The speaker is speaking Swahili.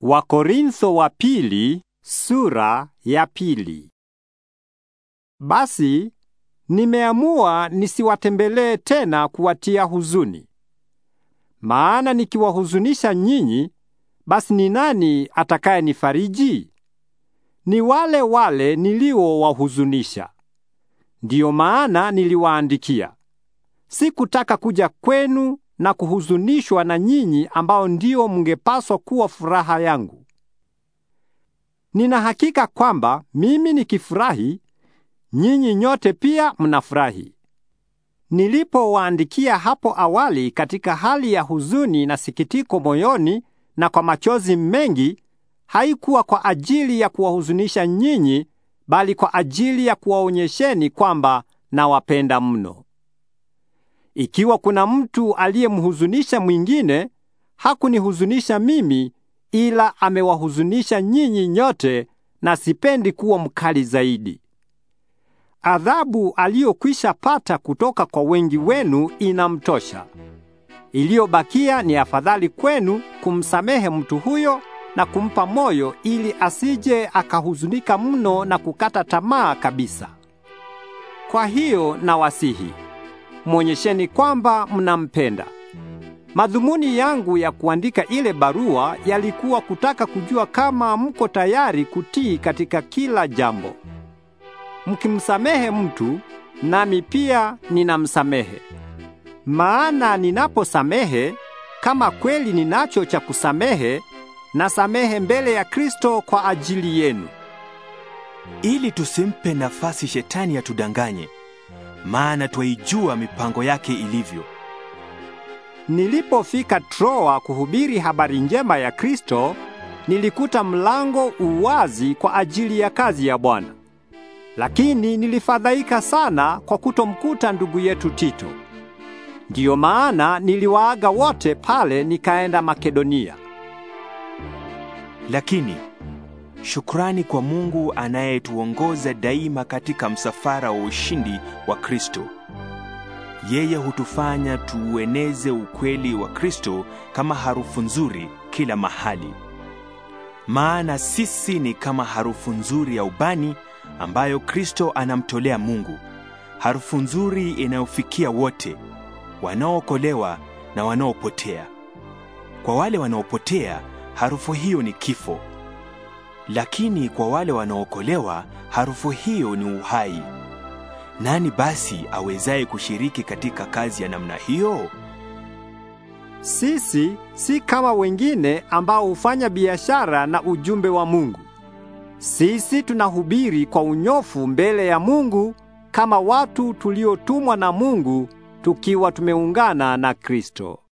Wakorintho wa pili sura ya pili. Basi nimeamua nisiwatembelee tena kuwatia huzuni. Maana nikiwahuzunisha nyinyi, basi ni nani atakayenifariji? Ni wale wale niliowahuzunisha. Ndiyo maana niliwaandikia. Sikutaka kuja kwenu na kuhuzunishwa na nyinyi ambao ndio mngepaswa kuwa furaha yangu. Nina hakika kwamba mimi nikifurahi, nyinyi nyote pia mnafurahi. Nilipowaandikia hapo awali katika hali ya huzuni na sikitiko moyoni na kwa machozi mengi, haikuwa kwa ajili ya kuwahuzunisha nyinyi, bali kwa ajili ya kuwaonyesheni kwamba nawapenda mno. Ikiwa kuna mtu aliyemhuzunisha mwingine, hakunihuzunisha mimi, ila amewahuzunisha nyinyi nyote, na sipendi kuwa mkali zaidi. Adhabu aliyokwisha pata kutoka kwa wengi wenu inamtosha. Iliyobakia ni afadhali kwenu kumsamehe mtu huyo na kumpa moyo ili asije akahuzunika mno na kukata tamaa kabisa. Kwa hiyo nawasihi mwonyesheni kwamba mnampenda. Madhumuni yangu ya kuandika ile barua yalikuwa kutaka kujua kama mko tayari kutii katika kila jambo. Mkimsamehe mtu, nami pia ninamsamehe. Maana ninaposamehe, kama kweli ninacho cha kusamehe, nasamehe mbele ya Kristo kwa ajili yenu, ili tusimpe nafasi shetani atudanganye maana twaijua mipango yake ilivyo. Nilipofika Troa kuhubiri habari njema ya Kristo, nilikuta mlango uwazi kwa ajili ya kazi ya Bwana. Lakini nilifadhaika sana kwa kutomkuta ndugu yetu Tito. Ndiyo maana niliwaaga wote pale nikaenda Makedonia. Lakini Shukrani kwa Mungu anayetuongoza daima katika msafara wa ushindi wa Kristo. Yeye hutufanya tuueneze ukweli wa Kristo kama harufu nzuri kila mahali. Maana sisi ni kama harufu nzuri ya ubani ambayo Kristo anamtolea Mungu. Harufu nzuri inayofikia wote, wanaookolewa na wanaopotea. Kwa wale wanaopotea, harufu hiyo ni kifo. Lakini kwa wale wanaokolewa, harufu hiyo ni uhai. Nani basi awezaye kushiriki katika kazi ya namna hiyo? Sisi si kama wengine ambao hufanya biashara na ujumbe wa Mungu. Sisi tunahubiri kwa unyofu mbele ya Mungu kama watu tuliotumwa na Mungu tukiwa tumeungana na Kristo.